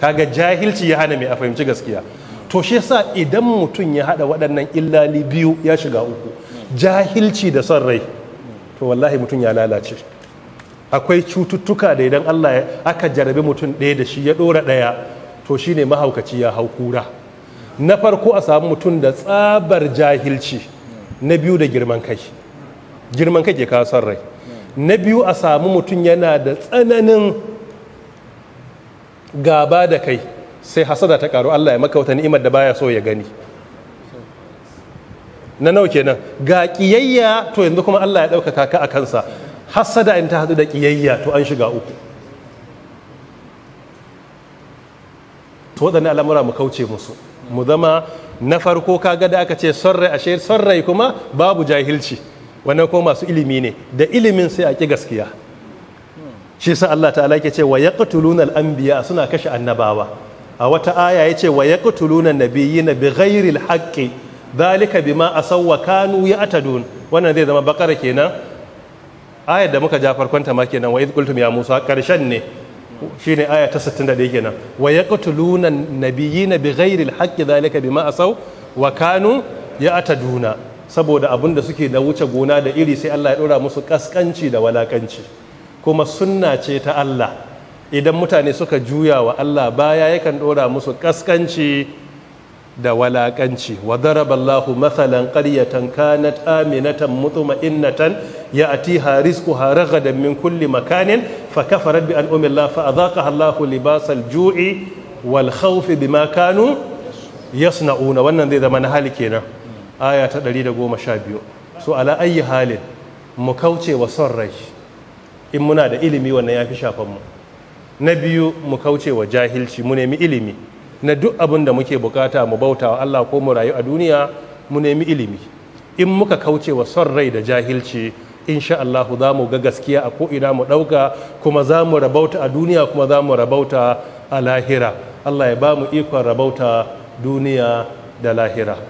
kaga jahilci ya hana mai a fahimci gaskiya to shi yasa idan mutum ya hada waɗannan illali biyu ya shiga uku jahilci da son rai to wallahi mutum ya lalace akwai cututtuka da idan Allah aka jarabi mutum ɗaya da shi ya ɗora ɗaya to ne mahaukaci ya hau kura na farko a samu mutum da tsabar jahilci na biyu da girman kai girman kai ke kawo son rai na biyu a samu mutum yana da tsananin gaba da kai sai hasada ta karu Allah ya maka wata ni'imar da baya so ya gani na nau kenan ga kiyayya to yanzu kuma Allah ya ɗaukaka ka a kansa hasada in ta hadu da kiyayya to an shiga uku to waɗanne al'amura mu kauce musu mu zama na farko kaga da aka ce son rai ashe son kuma babu jahilci wannan ko masu ilimi ne da ilimin sai a ki gaskiya shi sa Allah ta'ala yake ce wa yaqtuluna al-anbiya suna kashe annabawa a wata aya yace wa yaqtuluna nabiyina bighairi al-haqqi dhalika bima asaw wa kanu ya'tadun wannan zai zama bakara kenan ayar da muka ja farkon ta ma kenan wa idh qultum ya musa karshen ne shine aya ta 61 kenan wa yaqtuluna nabiyina bighairi al-haqqi dhalika bima asaw wa kanu ya'taduna saboda abun da suke da wuce gona da iri sai Allah ya dora musu kaskanci da walakanci kuma sunna ce ta Allah idan mutane suka juya wa Allah baya yakan ɗora musu ƙasƙanci da walaƙanci wa daraballahu mathalan qaryatan kanat aminatan mutma'innatan ya'tiha rizquha ragadan min kulli makanin fa kafarat bi an'ami Allah fa adhaqaha Allahu libasal ju'i wal khawfi bima kanu yasna'una wannan zai zama na hali kenan aya ta 112 so ala ayyi halin mu kauce wa son rai in muna da ilimi wannan ya fi mu? na biyu mu kauce wa jahilci mu nemi ilimi na duk abin da muke bukata mu bauta wa Allah ko mu rayu a duniya mu nemi ilimi in muka kauce wa son rai da jahilci insha Allah za mu ga gaskiya a ko'ina mu ɗauka kuma za mu rabauta a duniya kuma za mu rabauta a lahira Allah ya ba mu ikon rabauta duniya da lahira